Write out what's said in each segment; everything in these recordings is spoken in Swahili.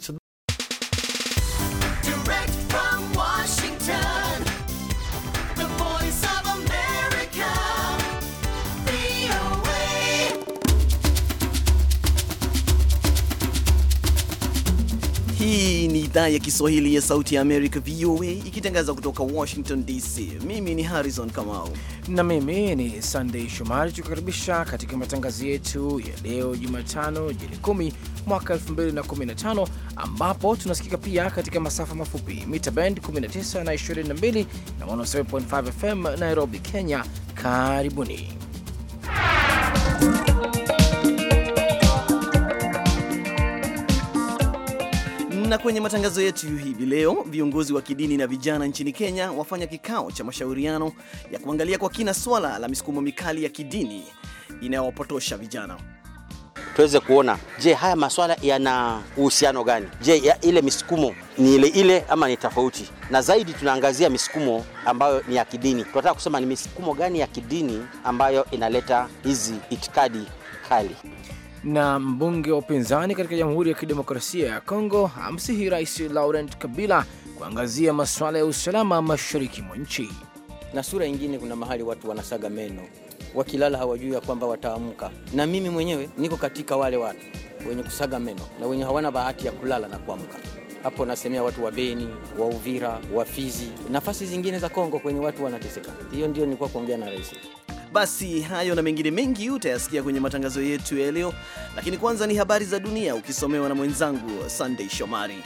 so idhaa ya Kiswahili ya Sauti ya Amerika, VOA, ikitangaza kutoka Washington DC. Mimi ni Harrison Kamau na mimi ni Sandei Shomari, tukikaribisha katika matangazo yetu ya leo Jumatano Juni 10 mwaka 2015, ambapo tunasikika pia katika masafa mafupi mita band 19 na 22 na 107.5 FM Nairobi, Kenya. Karibuni Na kwenye matangazo yetu hivi leo, viongozi wa kidini na vijana nchini Kenya wafanya kikao cha mashauriano ya kuangalia kwa kina swala la misukumo mikali ya kidini inayowapotosha vijana tuweze kuona, je, haya maswala yana uhusiano gani? Je, ya ile misukumo ni ile ile ama ni tofauti? Na zaidi tunaangazia misukumo ambayo ni ya kidini. Tunataka kusema ni misukumo gani ya kidini ambayo inaleta hizi itikadi kali na mbunge wa upinzani katika Jamhuri ya Kidemokrasia ya Kongo amsihi Rais Laurent Kabila kuangazia masuala ya usalama mashariki mwa nchi. Na sura ingine, kuna mahali watu wanasaga meno, wakilala hawajui ya kwamba wataamka. Na mimi mwenyewe niko katika wale watu wenye kusaga meno na wenye hawana bahati ya kulala na kuamka. Hapo nasemea watu wa Beni, wa Uvira, wa Fizi, nafasi zingine za Kongo kwenye watu wanateseka. Hiyo ndio nilikuwa kuongea na rais. Basi hayo na mengine mengi utayasikia kwenye matangazo yetu ya leo, lakini kwanza ni habari za dunia ukisomewa na mwenzangu Sunday Shomari.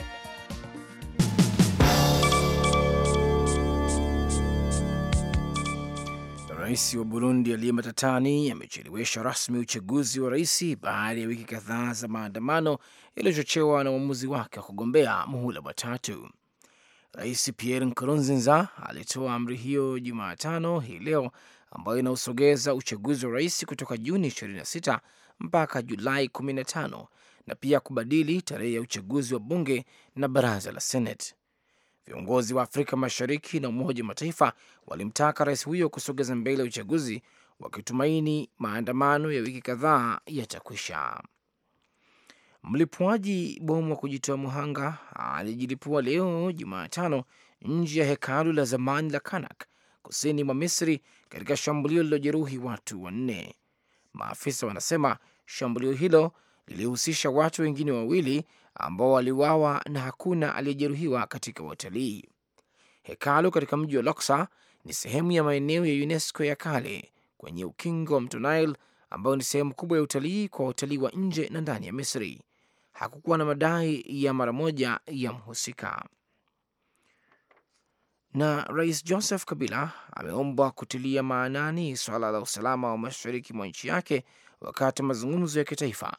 Rais wa Burundi aliye matatani amechelewesha rasmi uchaguzi wa rais baada ya wiki kadhaa za maandamano yaliyochochewa na uamuzi wake wa kugombea muhula wa tatu. Rais Pierre Nkurunziza alitoa amri hiyo Jumatano hii leo ambayo inausogeza uchaguzi wa rais kutoka Juni 26 mpaka Julai 15 na pia kubadili tarehe ya uchaguzi wa bunge na baraza la Senate. Viongozi wa Afrika Mashariki na Umoja wa Mataifa walimtaka rais huyo kusogeza mbele ya uchaguzi, wakitumaini maandamano ya wiki kadhaa yatakwisha. Mlipuaji bomu wa kujitoa muhanga alijilipua leo Jumatano nje ya hekalu la zamani la Kanak kusini mwa Misri katika shambulio lililojeruhi watu wanne. Maafisa wanasema shambulio hilo lilihusisha watu wengine wawili ambao waliwawa na hakuna aliyejeruhiwa katika watalii. Hekalu katika mji wa Loksa ni sehemu ya maeneo ya UNESCO ya kale kwenye ukingo wa mto Nile, ambayo ni sehemu kubwa ya utalii kwa watalii wa nje na ndani ya Misri. Hakukuwa na madai ya mara moja ya mhusika na Rais Joseph Kabila ameombwa kutilia maanani swala la usalama wa mashariki mwa nchi yake wakati wa mazungumzo ya kitaifa.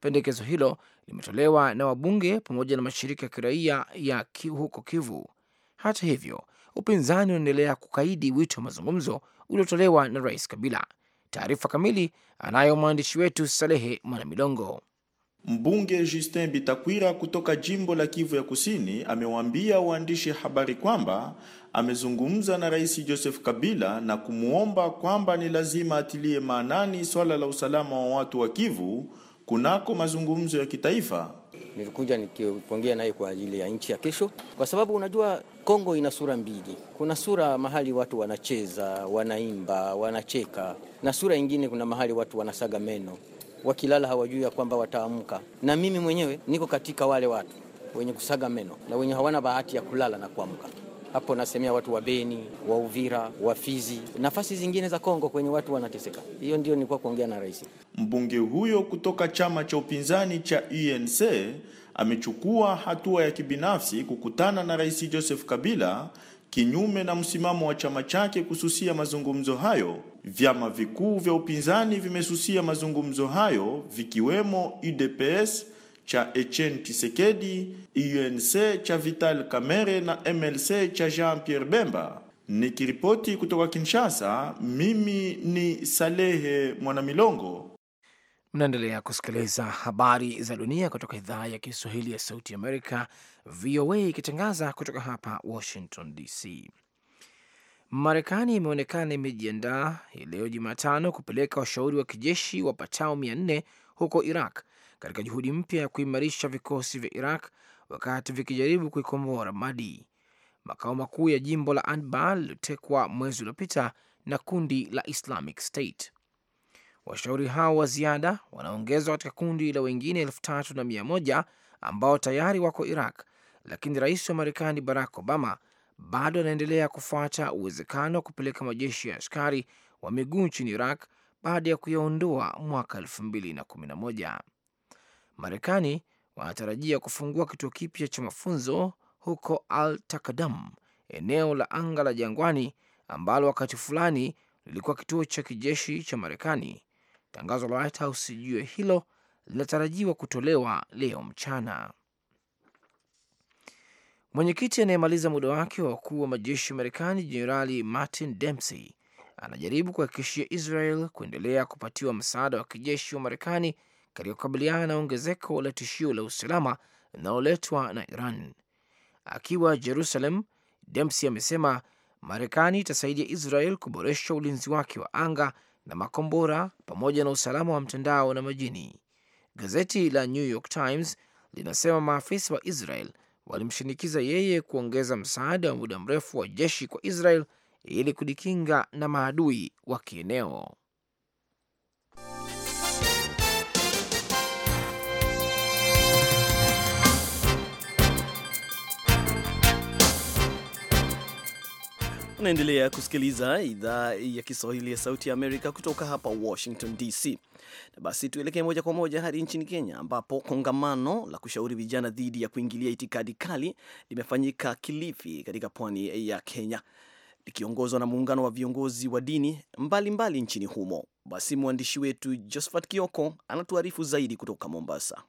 Pendekezo hilo limetolewa na wabunge pamoja na mashirika ya kiraia ya huko Kivu. Hata hivyo, upinzani unaendelea kukaidi wito wa mazungumzo uliotolewa na Rais Kabila. Taarifa kamili anayo mwandishi wetu Salehe Mwanamilongo. Mbunge Justin Bitakwira kutoka jimbo la Kivu ya Kusini amewaambia waandishi habari kwamba amezungumza na Rais Joseph Kabila na kumwomba kwamba ni lazima atilie maanani swala la usalama wa watu wa Kivu kunako mazungumzo ya kitaifa. Nilikuja nikiongea naye kwa ajili ya nchi ya kesho, kwa sababu unajua Kongo ina sura mbili. Kuna sura mahali watu wanacheza, wanaimba, wanacheka na sura ingine, kuna mahali watu wanasaga meno wakilala hawajui ya kwamba wataamka, na mimi mwenyewe niko katika wale watu wenye kusaga meno na wenye hawana bahati ya kulala na kuamka. Hapo nasemea watu wa Beni, wa Uvira, wa Fizi, nafasi zingine za Kongo kwenye watu wanateseka. Hiyo ndio nilikuwa kuongea na rais. Mbunge huyo kutoka chama cha upinzani cha UNC amechukua hatua ya kibinafsi kukutana na Rais Joseph Kabila Kinyume na msimamo wa chama chake kususia mazungumzo hayo, vyama vikuu vya upinzani vimesusia mazungumzo hayo vikiwemo UDPS cha Etienne Tshisekedi, UNC cha Vital Kamerhe na MLC cha Jean-Pierre Bemba. Nikiripoti kutoka Kinshasa, mimi ni Salehe Mwanamilongo. Mnaendelea kusikiliza habari za dunia kutoka idhaa ya Kiswahili ya Sauti Amerika, VOA, ikitangaza kutoka hapa Washington DC, Marekani. Imeonekana imejiandaa hii leo Jumatano kupeleka washauri wa kijeshi wapatao mia nne huko Iraq katika juhudi mpya ya kuimarisha vikosi vya Iraq wakati vikijaribu kuikomboa Ramadi, makao makuu ya jimbo la Anbar lilotekwa mwezi uliopita na kundi la Islamic State. Washauri hao wa ziada wanaongezwa katika kundi la wengine elfu tatu na mia moja ambao tayari wako Iraq, lakini rais wa Marekani Barack Obama bado anaendelea kufuata uwezekano wa kupeleka majeshi ya askari wa miguu nchini Iraq baada ya kuyaondoa mwaka elfu mbili na kumi na moja. Marekani wanatarajia kufungua kituo kipya cha mafunzo huko Al Takadam, eneo la anga la jangwani ambalo wakati fulani lilikuwa kituo cha kijeshi cha Marekani Tangazo la White House juu ya hilo linatarajiwa kutolewa leo mchana. Mwenyekiti anayemaliza muda wake wa wakuu wa majeshi ya Marekani, Jenerali Martin Dempsey anajaribu kuhakikishia Israel kuendelea kupatiwa msaada wa kijeshi wa Marekani katika kukabiliana na ongezeko la tishio la usalama linaloletwa na Iran. Akiwa Jerusalem, Dempsey amesema Marekani itasaidia Israel kuboresha ulinzi wake wa anga na makombora pamoja na usalama wa mtandao na majini. Gazeti la New York Times linasema maafisa wa Israel walimshinikiza yeye kuongeza msaada wa muda mrefu wa jeshi kwa Israel ili kujikinga na maadui wa kieneo. Unaendelea kusikiliza idhaa ya Kiswahili ya Sauti ya Amerika kutoka hapa Washington DC. Na basi tuelekee moja kwa moja hadi nchini Kenya, ambapo kongamano la kushauri vijana dhidi ya kuingilia itikadi kali limefanyika Kilifi katika pwani ya Kenya, likiongozwa na muungano wa viongozi wa dini mbalimbali mbali nchini humo. Basi mwandishi wetu Josephat Kioko anatuarifu zaidi kutoka Mombasa.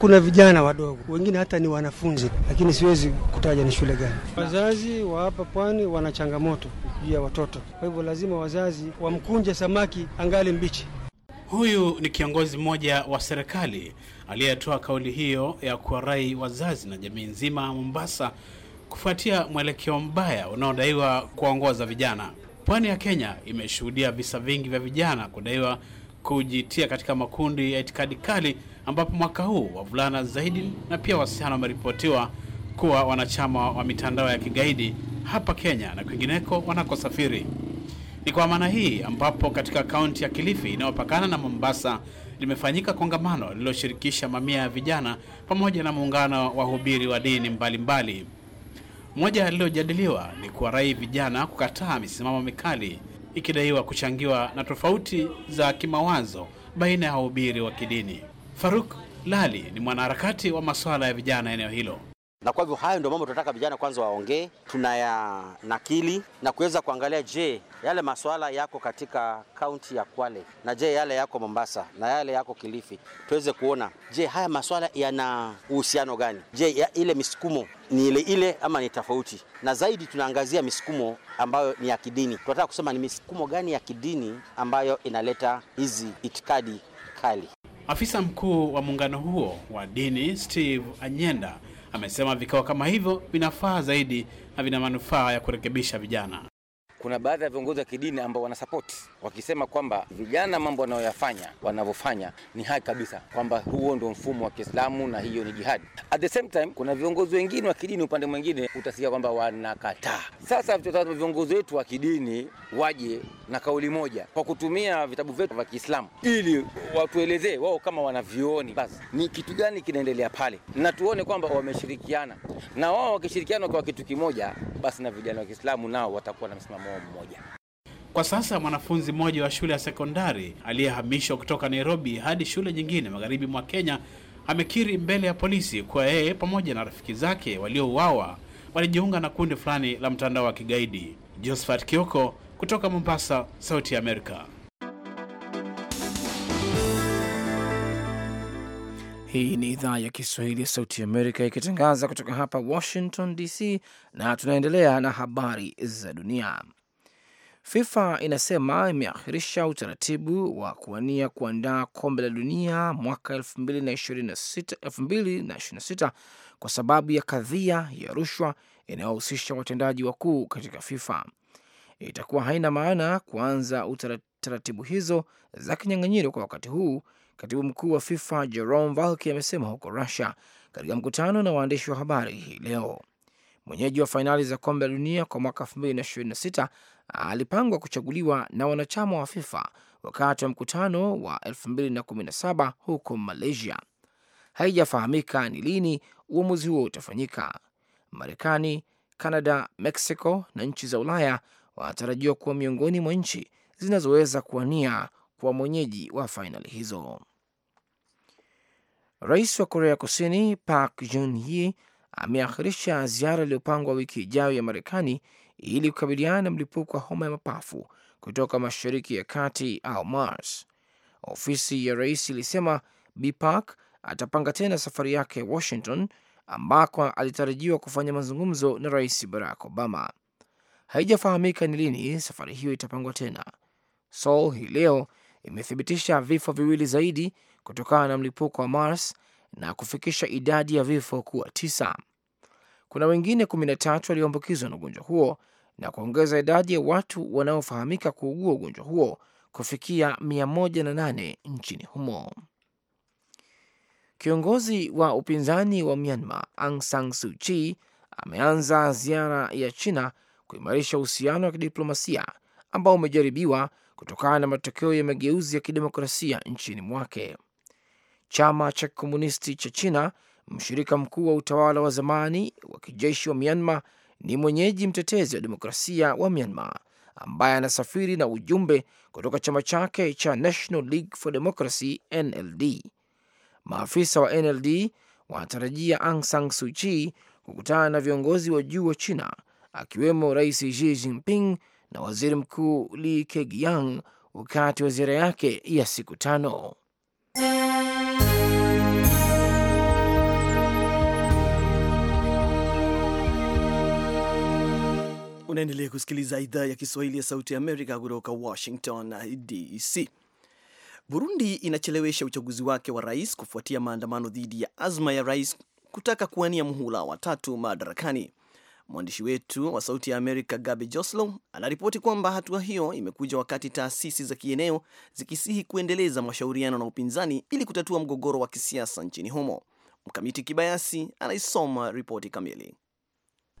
Kuna vijana wadogo wengine hata ni wanafunzi, lakini siwezi kutaja ni shule gani. Wazazi wa hapa pwani wana changamoto juu ya watoto, kwa hivyo lazima wazazi wamkunje samaki angali mbichi. Huyu ni kiongozi mmoja wa serikali aliyetoa kauli hiyo ya kuwarai wazazi na jamii nzima ya Mombasa kufuatia mwelekeo mbaya unaodaiwa kuwaongoza vijana. Pwani ya Kenya imeshuhudia visa vingi vya vijana kudaiwa kujitia katika makundi ya itikadi kali ambapo mwaka huu wavulana zaidi na pia wasichana wameripotiwa kuwa wanachama wa mitandao ya kigaidi hapa Kenya na kwingineko wanakosafiri. Ni kwa maana hii ambapo katika kaunti ya Kilifi inayopakana na Mombasa limefanyika kongamano lililoshirikisha mamia ya vijana pamoja na muungano wa hubiri wa dini mbalimbali. Moja yalilojadiliwa ni kuwarai vijana kukataa misimamo mikali ikidaiwa kuchangiwa na tofauti za kimawazo baina ya wahubiri wa kidini. Faruk Lali ni mwanaharakati wa masuala ya vijana eneo hilo. Na kwa hivyo hayo ndio mambo tunataka vijana kwanza waongee, tunayanakili na kuweza kuangalia, je, yale masuala yako katika kaunti ya Kwale na je, yale yako Mombasa na yale yako Kilifi, tuweze kuona, je, haya masuala yana uhusiano gani? Je, ya ile misukumo ni ile ile ama ni tofauti? Na zaidi tunaangazia misukumo ambayo ni ya kidini. Tunataka kusema ni misukumo gani ya kidini ambayo inaleta hizi itikadi kali. Afisa mkuu wa muungano huo wa dini Steve Anyenda amesema vikao kama hivyo vinafaa zaidi na vina manufaa ya kurekebisha vijana kuna baadhi ya viongozi wa kidini ambao wanasapoti wakisema kwamba vijana mambo wanayoyafanya wanavyofanya ni haki kabisa, kwamba huo ndio mfumo wa Kiislamu na hiyo ni jihadi. At the same time, kuna viongozi wengine wa kidini upande mwingine utasikia kwamba wanakataa. Sasa tutazama viongozi wetu wa kidini waje na kauli moja kwa kutumia vitabu vyetu vya Kiislamu ili watuelezee wao kama wanavyooni basi ni kitu gani kinaendelea pale, na tuone kwamba wameshirikiana, na wao wakishirikiana kwa kitu kimoja, basi na vijana wa Kiislamu nao watakuwa na msimamo mgomo mmoja. Kwa sasa mwanafunzi mmoja wa shule ya sekondari aliyehamishwa kutoka Nairobi hadi shule nyingine magharibi mwa Kenya amekiri mbele ya polisi kuwa yeye pamoja na rafiki zake waliouawa walijiunga na kundi fulani la mtandao wa kigaidi. Josephat Kioko kutoka Mombasa, Sauti ya Amerika. Hii ni idhaa ya Kiswahili ya Sauti ya Amerika ikitangaza kutoka hapa Washington DC, na tunaendelea na habari za dunia. FIFA inasema imeakhirisha utaratibu wa kuwania kuandaa kombe la dunia mwaka 2026, kwa sababu ya kadhia ya rushwa inayohusisha watendaji wakuu katika FIFA. Itakuwa haina maana kuanza taratibu hizo za kinyang'anyiro kwa wakati huu, katibu mkuu wa FIFA Jerome Valcke amesema huko Russia katika mkutano na waandishi wa habari hii leo mwenyeji wa fainali za kombe la dunia kwa mwaka 2026 alipangwa kuchaguliwa na wanachama wa FIFA wakati wa mkutano wa 2017 huko Malaysia. Haijafahamika ni lini uamuzi huo utafanyika. Marekani, canada Mexico na nchi za Ulaya wanatarajiwa kuwa miongoni mwa nchi zinazoweza kuwania kwa mwenyeji wa fainali hizo. Rais wa Korea Kusini Park Geun-hye ameakhirisha ziara iliyopangwa wiki ijayo ya Marekani ili kukabiliana na mlipuko wa homa ya mapafu kutoka Mashariki ya Kati au Mars. Ofisi ya rais ilisema Bi Park atapanga tena safari yake Washington, ambako alitarajiwa kufanya mazungumzo na Rais Barack Obama. Haijafahamika ni lini safari hiyo itapangwa tena. Seoul hii leo imethibitisha vifo viwili zaidi kutokana na mlipuko wa Mars na kufikisha idadi ya vifo kuwa tisa kuna wengine 13 walioambukizwa na ugonjwa huo na kuongeza idadi ya watu wanaofahamika kuugua ugonjwa huo kufikia 108 nchini humo. Kiongozi wa upinzani wa Myanmar Aung San Suu Kyi ameanza ziara ya China kuimarisha uhusiano wa kidiplomasia ambao umejaribiwa kutokana na matokeo ya mageuzi ya kidemokrasia nchini mwake. Chama cha Kikomunisti cha China mshirika mkuu wa utawala wa zamani wa kijeshi wa Myanmar, ni mwenyeji mtetezi wa demokrasia wa Myanmar ambaye anasafiri na ujumbe kutoka chama chake cha National League for Democracy NLD. Maafisa wa NLD wanatarajia Aung San Suu Kyi kukutana na viongozi wa juu wa China akiwemo Rais Xi Jinping na Waziri Mkuu Li Keqiang wakati wa ziara yake ya siku tano. Unaendelea kusikiliza idhaa ya Kiswahili ya Sauti ya Amerika kutoka Washington uh, DC. Burundi inachelewesha uchaguzi wake wa rais kufuatia maandamano dhidi ya azma ya rais kutaka kuwania muhula wa tatu madarakani. Mwandishi wetu wa Sauti ya Amerika Gabi Joslow anaripoti kwamba hatua hiyo imekuja wakati taasisi za kieneo zikisihi kuendeleza mashauriano na upinzani ili kutatua mgogoro wa kisiasa nchini humo. Mkamiti Kibayasi anaisoma ripoti kamili.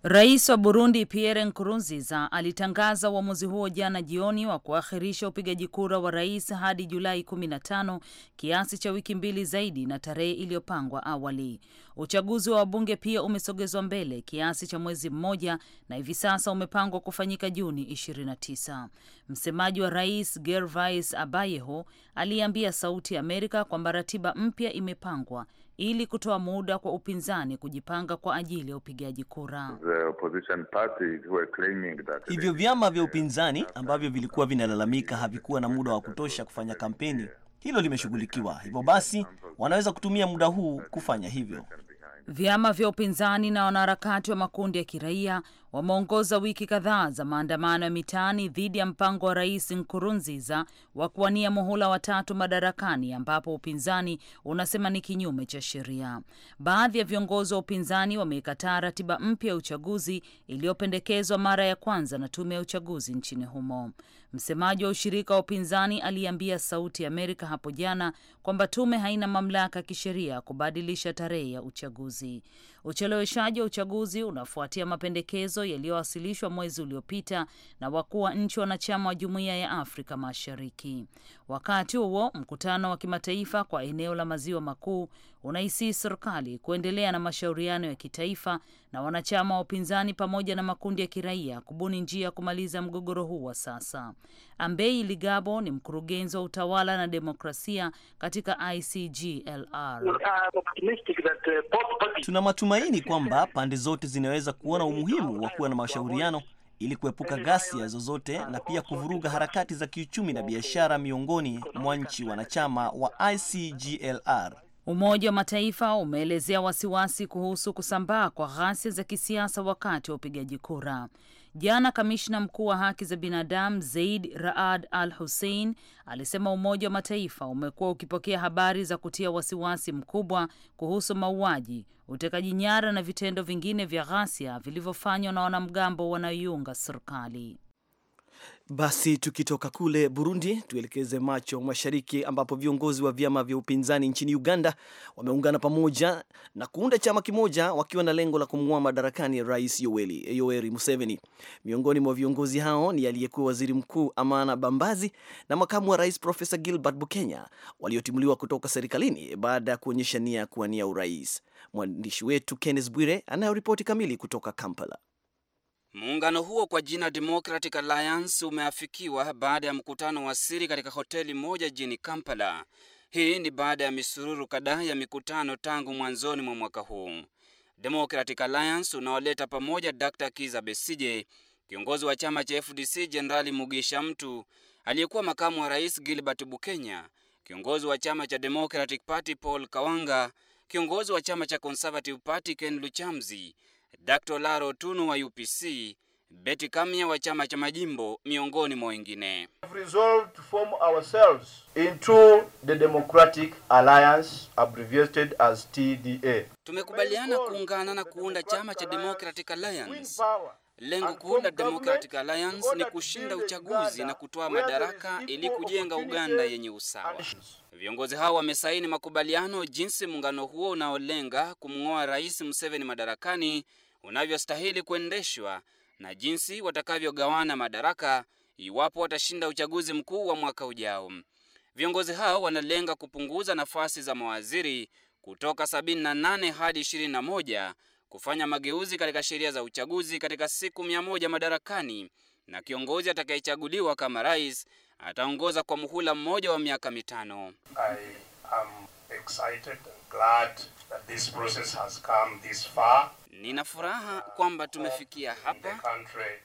Rais wa Burundi Pierre Nkurunziza alitangaza uamuzi huo jana jioni wa kuakhirisha upigaji kura wa rais hadi Julai 15 kiasi cha wiki mbili zaidi na tarehe iliyopangwa awali. Uchaguzi wa wabunge pia umesogezwa mbele kiasi cha mwezi mmoja na hivi sasa umepangwa kufanyika Juni 29. Msemaji wa rais Gervais Abayeho aliambia Sauti ya Amerika kwamba ratiba mpya imepangwa ili kutoa muda kwa upinzani kujipanga kwa ajili ya upigaji kura. Hivyo vyama vya upinzani ambavyo vilikuwa vinalalamika havikuwa na muda wa kutosha kufanya kampeni, hilo limeshughulikiwa. Hivyo basi wanaweza kutumia muda huu kufanya hivyo. Vyama vya upinzani na wanaharakati wa makundi ya kiraia wameongoza wiki kadhaa za maandamano ya mitaani dhidi ya mpango wa Rais Nkurunziza wa kuwania muhula watatu madarakani, ambapo upinzani unasema ni kinyume cha sheria. Baadhi ya viongozi wa upinzani wamekataa ratiba mpya ya uchaguzi iliyopendekezwa mara ya kwanza na tume ya uchaguzi nchini humo. Msemaji wa ushirika wa upinzani aliambia Sauti ya Amerika hapo jana kwamba tume haina mamlaka ya kisheria kubadilisha tarehe ya uchaguzi. Ucheleweshaji wa uchaguzi unafuatia mapendekezo yaliyowasilishwa mwezi uliopita na wakuu wa nchi wanachama wa Jumuiya ya Afrika Mashariki. Wakati huo mkutano wa kimataifa kwa eneo la maziwa makuu unahisii serikali kuendelea na mashauriano ya kitaifa na wanachama wa upinzani pamoja na makundi ya kiraia kubuni njia ya kumaliza mgogoro huu wa sasa. Ambei Ligabo ni mkurugenzi wa utawala na demokrasia katika ICGLR. Uh, Tuna matumaini kwamba pande zote zinaweza kuona umuhimu wa kuwa na mashauriano ili kuepuka ghasia zozote na pia kuvuruga harakati za kiuchumi na biashara miongoni mwa nchi wanachama wa ICGLR. Umoja wa Mataifa umeelezea wasiwasi kuhusu kusambaa kwa ghasia za kisiasa wakati wa upigaji kura. Jana kamishna mkuu wa haki za binadamu Zaid Raad Al Hussein alisema Umoja wa Mataifa umekuwa ukipokea habari za kutia wasiwasi mkubwa kuhusu mauaji, utekaji nyara na vitendo vingine vya ghasia vilivyofanywa na wanamgambo wanaoiunga serikali. Basi tukitoka kule Burundi tuelekeze macho mashariki, ambapo viongozi wa vyama vya upinzani nchini Uganda wameungana pamoja na kuunda chama kimoja wakiwa na lengo la kumng'oa madarakani Rais Yoweri, Yoweri Museveni. Miongoni mwa viongozi hao ni aliyekuwa waziri mkuu Amana Bambazi na makamu wa rais Profesa Gilbert Bukenya, waliotimuliwa kutoka serikalini baada ya kuonyesha nia ya kuwania urais. Mwandishi wetu Kenneth Bwire anayoripoti kamili kutoka Kampala. Muungano huo kwa jina Democratic Alliance umeafikiwa baada ya mkutano wa siri katika hoteli moja jini Kampala. Hii ni baada ya misururu kadhaa ya mikutano tangu mwanzoni mwa mwaka huu. Democratic Alliance unaoleta pamoja Dr. Kiza Besije, kiongozi wa chama cha FDC Jenerali Mugisha Mtu, aliyekuwa makamu wa rais Gilbert Bukenya, kiongozi wa chama cha Democratic Party Paul Kawanga, kiongozi wa chama cha Conservative Party Ken Luchamzi Dr. Laro Tunu wa UPC, Betty Kamya wa chama cha majimbo miongoni mwa wengine. We resolved to form ourselves into the Democratic Alliance abbreviated as TDA. Tumekubaliana kuungana na kuunda chama cha Democratic Alliance. Lengo kuunda Democratic Alliance ni kushinda uchaguzi na kutoa madaraka ili kujenga Uganda yenye usawa. Viongozi hao wamesaini makubaliano jinsi muungano huo unaolenga kumng'oa Rais Museveni madarakani unavyostahili kuendeshwa na jinsi watakavyogawana madaraka iwapo watashinda uchaguzi mkuu wa mwaka ujao. Viongozi hao wanalenga kupunguza nafasi za mawaziri kutoka 78 hadi 21, kufanya mageuzi katika sheria za uchaguzi katika siku 100 madarakani, na kiongozi atakayechaguliwa kama rais ataongoza kwa muhula mmoja wa miaka mitano. I am excited and glad that this process has come this far. Nina furaha kwamba tumefikia hapa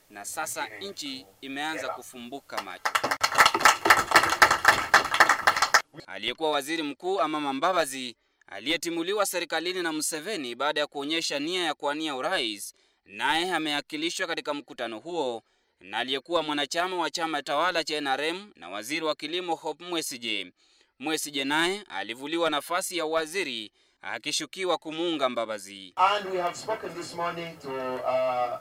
na sasa nchi imeanza kufumbuka macho. Aliyekuwa waziri mkuu Amama Mbabazi aliyetimuliwa serikalini na Museveni baada ya kuonyesha nia ya kuania urais, naye ameakilishwa katika mkutano huo na aliyekuwa mwanachama wa chama tawala cha NRM na waziri wa kilimo Hope mwesije mwesije naye alivuliwa nafasi ya waziri akishukiwa kumuunga Mbabazi. And we have spoken this morning to uh,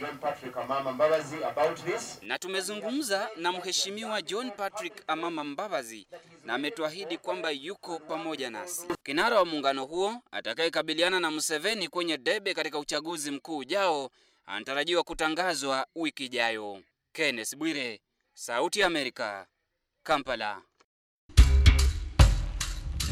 John Patrick Amama Mbabazi about this. Na tumezungumza na Mheshimiwa John Patrick Amama Mbabazi na ametuahidi kwamba yuko pamoja nasi. Kinara wa muungano huo atakayekabiliana na Museveni kwenye debe katika uchaguzi mkuu ujao anatarajiwa kutangazwa wiki ijayo. Kenneth Bwire, Sauti ya Amerika, Kampala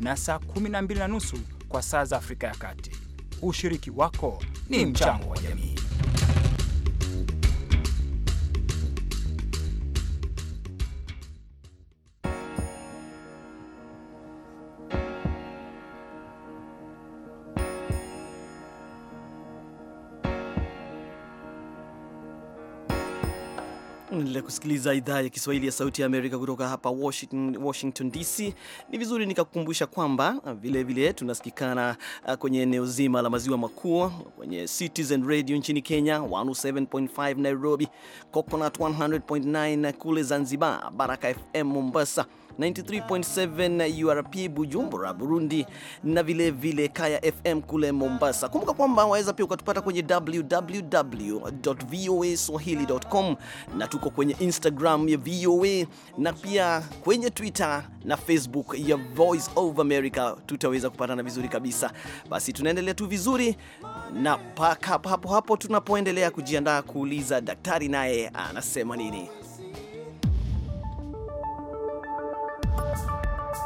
na saa mbili na nusu kwa saa za Afrika ya Kati. Ushiriki wako ni mchango wa jamii. Unaendelea kusikiliza idhaa ya Kiswahili ya Sauti ya Amerika kutoka hapa Washington, Washington DC. Ni vizuri nikakukumbusha kwamba vilevile uh, tunasikikana uh, kwenye eneo zima la maziwa makuu kwenye Citizen Radio nchini Kenya 107.5 Nairobi, Coconut 100.9 kule Zanzibar, Baraka FM Mombasa 93.7 URP Bujumbura, Burundi na vile vile Kaya FM kule Mombasa. Kumbuka kwamba waweza pia ukatupata kwenye www.voaswahili.com na tuko kwenye Instagram ya VOA na pia kwenye Twitter na Facebook ya Voice of America tutaweza kupatana vizuri kabisa. Basi tunaendelea tu vizuri na paka hapo hapo tunapoendelea kujiandaa kuuliza daktari naye anasema nini.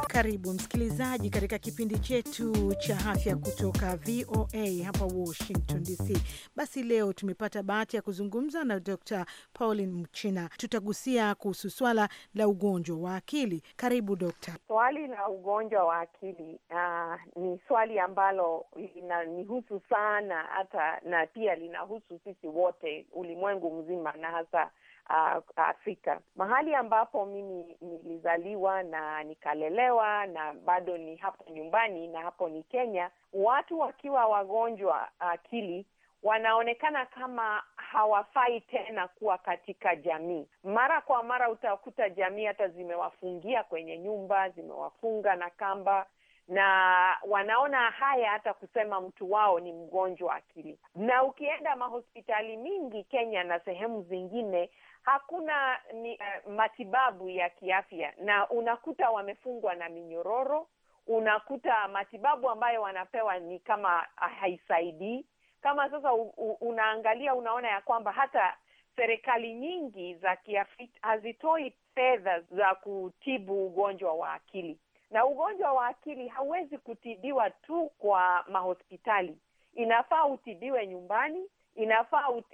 Karibu msikilizaji katika kipindi chetu cha afya kutoka VOA hapa Washington DC. Basi leo tumepata bahati ya kuzungumza na Dr Pauline Mchina. Tutagusia kuhusu swala la ugonjwa wa akili. Karibu Dokta. Swali la ugonjwa wa akili uh, ni swali ambalo linanihusu sana hata na pia linahusu sisi wote, ulimwengu mzima na hasa uh, Afrika, mahali ambapo mimi nilizaliwa na nikalelewa na bado ni hapo nyumbani, na hapo ni Kenya. Watu wakiwa wagonjwa akili wanaonekana kama hawafai tena kuwa katika jamii. Mara kwa mara utakuta jamii hata zimewafungia kwenye nyumba, zimewafunga na kamba na wanaona haya hata kusema mtu wao ni mgonjwa akili. Na ukienda mahospitali mingi Kenya na sehemu zingine, hakuna ni, uh, matibabu ya kiafya, na unakuta wamefungwa na minyororo, unakuta matibabu ambayo wanapewa ni kama ah, haisaidii. Kama sasa u, u, unaangalia unaona ya kwamba hata serikali nyingi za kiafrika hazitoi fedha za kutibu ugonjwa wa akili, na ugonjwa wa akili hauwezi kutibiwa tu kwa mahospitali. Inafaa utibiwe nyumbani, inafaa ut,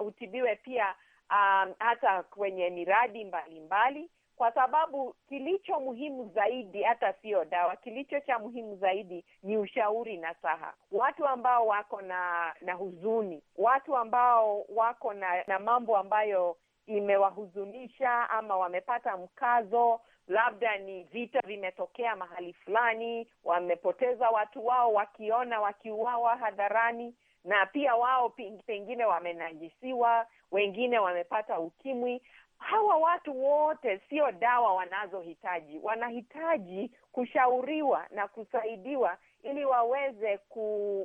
uh, utibiwe pia um, hata kwenye miradi mbalimbali mbali, kwa sababu kilicho muhimu zaidi hata sio dawa. Kilicho cha muhimu zaidi ni ushauri na saha, watu ambao wako na na huzuni, watu ambao wako na, na mambo ambayo imewahuzunisha ama wamepata mkazo, labda ni vita vimetokea mahali fulani, wamepoteza watu wao, wakiona wakiuawa hadharani na pia wao pengine wamenajisiwa, wengine wamepata ukimwi. Hawa watu wote sio dawa wanazohitaji, wanahitaji kushauriwa na kusaidiwa ili waweze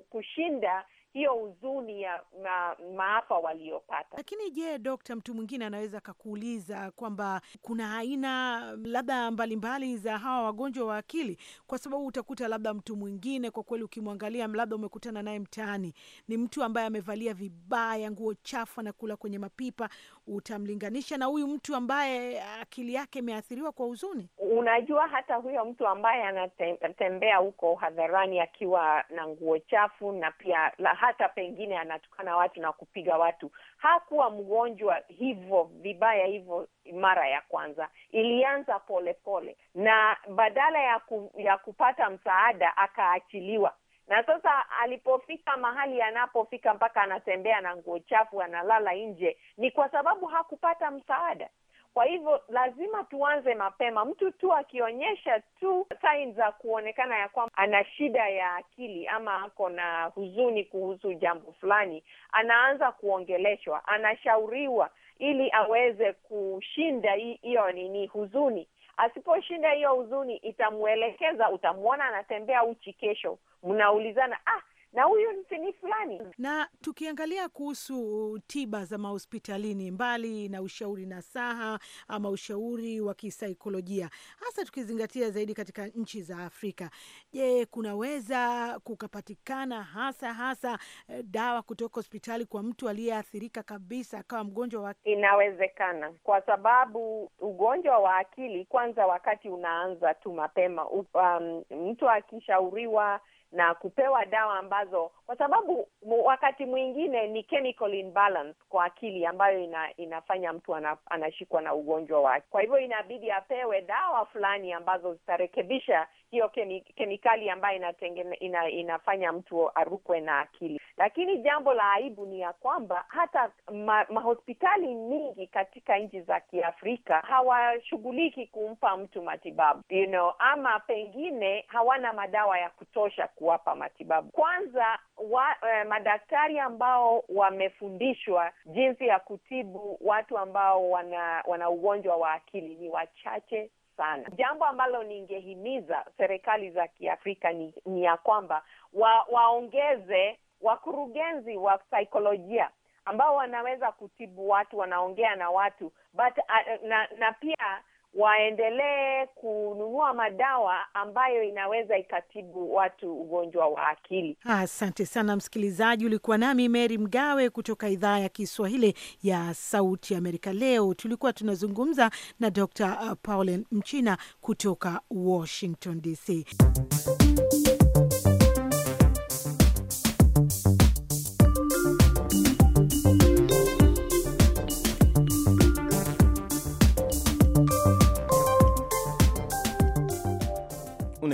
kushinda hiyo huzuni ya ma, maafa waliopata. Lakini je, dokta, mtu mwingine anaweza akakuuliza kwamba kuna aina labda mbalimbali za hawa wagonjwa wa akili, kwa sababu utakuta labda mtu mwingine kwa kweli, ukimwangalia labda umekutana naye mtaani, ni mtu ambaye amevalia vibaya, nguo chafu, anakula kwenye mapipa, utamlinganisha na huyu mtu ambaye akili yake imeathiriwa kwa huzuni. Unajua, hata huyo mtu ambaye anatembea huko hadharani akiwa na nguo chafu na pia la hata pengine anatukana watu na kupiga watu. Hakuwa mgonjwa hivyo vibaya hivyo mara ya kwanza, ilianza polepole pole. Na badala ya, ku, ya kupata msaada akaachiliwa na sasa alipofika mahali anapofika, mpaka anatembea na nguo chafu, analala nje, ni kwa sababu hakupata msaada. Kwa hivyo lazima tuanze mapema. Mtu tu akionyesha tu signs za kuonekana ya kwamba ana shida ya akili ama ako na huzuni kuhusu jambo fulani, anaanza kuongeleshwa, anashauriwa ili aweze kushinda hiyo nini, huzuni. Asiposhinda hiyo huzuni, itamwelekeza utamwona anatembea uchi, kesho mnaulizana, ah na huyu ni fulani. Na tukiangalia kuhusu tiba za mahospitalini, mbali na ushauri na saha ama ushauri wa kisaikolojia, hasa tukizingatia zaidi katika nchi za Afrika, je, kunaweza kukapatikana hasa hasa eh, dawa kutoka hospitali kwa mtu aliyeathirika kabisa akawa mgonjwa wa... Inawezekana kwa sababu ugonjwa wa akili kwanza, wakati unaanza tu mapema, um, mtu akishauriwa na kupewa dawa ambazo, kwa sababu wakati mwingine ni chemical imbalance kwa akili ambayo ina, inafanya mtu anashikwa na ugonjwa wake. Kwa hivyo inabidi apewe dawa fulani ambazo zitarekebisha hiyo kemi, kemikali ambayo inatengene, ina, inafanya mtu arukwe na akili. Lakini jambo la aibu ni ya kwamba hata ma, mahospitali nyingi katika nchi za Kiafrika hawashughuliki kumpa mtu matibabu you know, ama pengine hawana madawa ya kutosha kuwapa matibabu. Kwanza wa, eh, madaktari ambao wamefundishwa jinsi ya kutibu watu ambao wana, wana ugonjwa wa akili ni wachache sana. Jambo ambalo ningehimiza serikali za Kiafrika ni, ni ya kwamba wa, waongeze wakurugenzi wa saikolojia ambao wanaweza kutibu watu, wanaongea na watu but, uh, na, na pia waendelee kununua madawa ambayo inaweza ikatibu watu ugonjwa wa akili. Asante sana msikilizaji, ulikuwa nami Meri Mgawe kutoka idhaa ya Kiswahili ya Sauti Amerika. Leo tulikuwa tunazungumza na Dr. Uh, Pauline Mchina kutoka Washington DC.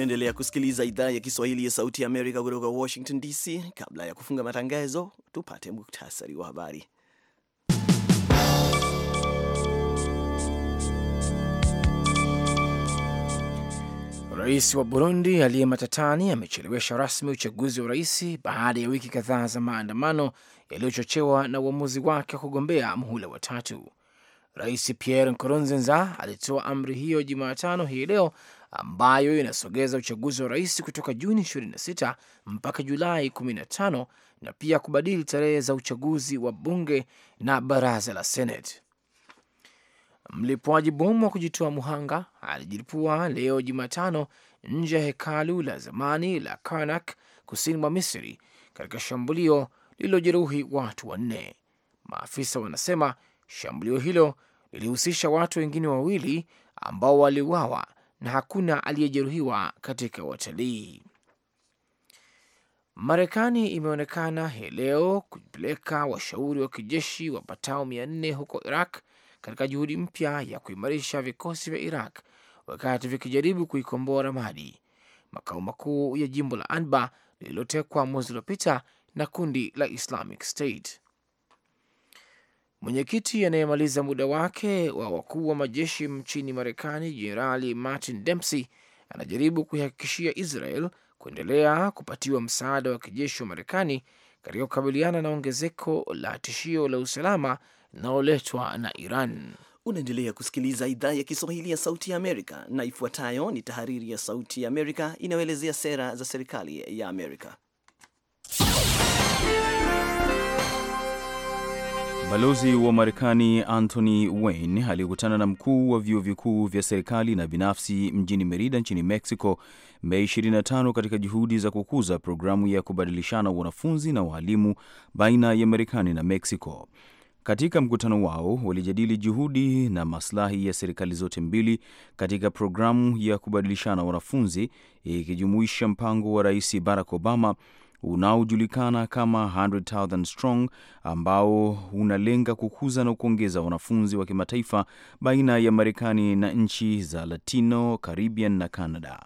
Unaendelea kusikiliza idhaa ya Kiswahili ya Sauti ya Amerika kutoka Washington DC. Kabla ya kufunga matangazo, tupate muktasari wa habari. Rais wa Burundi aliye matatani amechelewesha rasmi uchaguzi wa rais baada ya wiki kadhaa za maandamano yaliyochochewa na uamuzi wake wa kugombea mhula wa tatu. Rais Pierre Nkurunziza alitoa amri hiyo Jumatano hii leo ambayo inasogeza uchaguzi wa rais kutoka Juni 26 mpaka Julai 15 na pia kubadili tarehe za uchaguzi wa bunge na baraza la Senate. Mlipuaji bomu wa kujitoa muhanga alijilipua leo Jumatano nje ya hekalu la zamani la Karnak kusini mwa Misri katika shambulio lililojeruhi watu wanne. Maafisa wanasema shambulio hilo lilihusisha watu wengine wawili ambao waliuawa na hakuna aliyejeruhiwa katika watalii. Marekani imeonekana hii leo kupeleka washauri wa kijeshi wapatao mia nne huko Iraq katika juhudi mpya ya kuimarisha vikosi vya Iraq wakati vikijaribu kuikomboa Ramadi, makao makuu ya jimbo la anba lililotekwa mwezi uliopita na kundi la Islamic State. Mwenyekiti anayemaliza muda wake wa wakuu wa majeshi nchini Marekani, Jenerali Martin Dempsey anajaribu kuihakikishia Israel kuendelea kupatiwa msaada wa kijeshi wa Marekani katika kukabiliana na ongezeko la tishio la usalama linaloletwa na Iran. Unaendelea kusikiliza idhaa ya Kiswahili ya Sauti ya Amerika, na ifuatayo ni tahariri ya Sauti ya Amerika inayoelezea sera za serikali ya Amerika. Balozi wa Marekani Anthony Wayne aliyekutana na mkuu wa vyuo vikuu vya serikali na binafsi mjini Merida nchini Mexico Mei 25 katika juhudi za kukuza programu ya kubadilishana wanafunzi na waalimu baina ya Marekani na Mexico. Katika mkutano wao walijadili juhudi na maslahi ya serikali zote mbili katika programu ya kubadilishana wanafunzi ikijumuisha mpango wa Rais Barack Obama unaojulikana kama 100,000 Strong ambao unalenga kukuza na kuongeza wanafunzi wa kimataifa baina ya Marekani na nchi za Latino, Caribbean na Canada.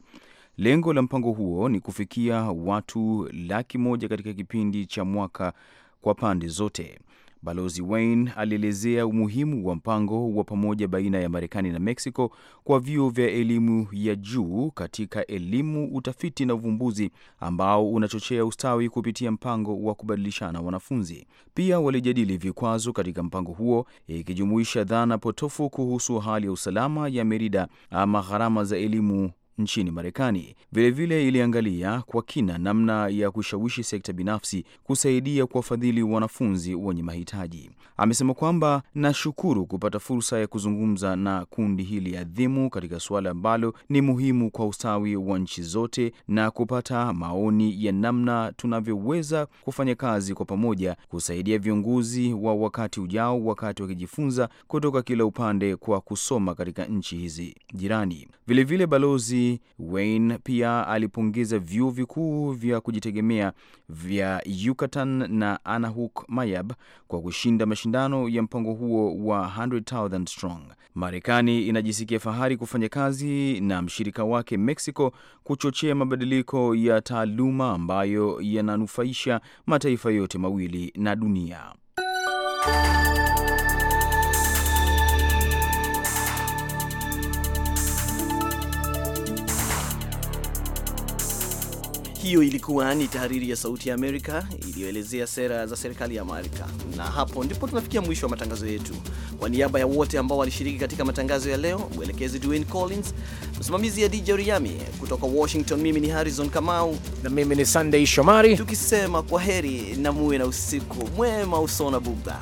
Lengo la mpango huo ni kufikia watu laki moja katika kipindi cha mwaka kwa pande zote. Balozi Wayne alielezea umuhimu wa mpango wa pamoja baina ya Marekani na Mexico kwa vyuo vya elimu ya juu katika elimu, utafiti na uvumbuzi ambao unachochea ustawi kupitia mpango wa kubadilishana wanafunzi. Pia walijadili vikwazo katika mpango huo, ikijumuisha dhana potofu kuhusu hali ya usalama ya Merida ama gharama za elimu nchini Marekani. Vilevile iliangalia kwa kina namna ya kushawishi sekta binafsi kusaidia kuwafadhili wanafunzi wenye mahitaji. Amesema kwamba nashukuru kupata fursa ya kuzungumza na kundi hili adhimu katika suala ambalo ni muhimu kwa ustawi wa nchi zote na kupata maoni ya namna tunavyoweza kufanya kazi kwa pamoja kusaidia viongozi wa wakati ujao wakati wakijifunza kutoka kila upande kwa kusoma katika nchi hizi jirani. Vilevile Balozi Wayne pia alipongeza vyuo vikuu vya kujitegemea vya Yucatan na Anahuk Mayab kwa kushinda mashindano ya mpango huo wa 100,000 strong. Marekani inajisikia fahari kufanya kazi na mshirika wake Mexico kuchochea mabadiliko ya taaluma ambayo yananufaisha mataifa yote mawili na dunia. Hiyo ilikuwa ni tahariri ya Sauti ya Amerika iliyoelezea sera za serikali ya Amerika, na hapo ndipo tunafikia mwisho wa matangazo yetu. Kwa niaba ya wote ambao walishiriki katika matangazo ya leo, mwelekezi Dwayne Collins, msimamizi ya DJ Riami kutoka Washington, mimi ni Harrison Kamau na mimi ni Sunday Shomari, tukisema kwa heri na muwe na usiku mwema usona bugdha.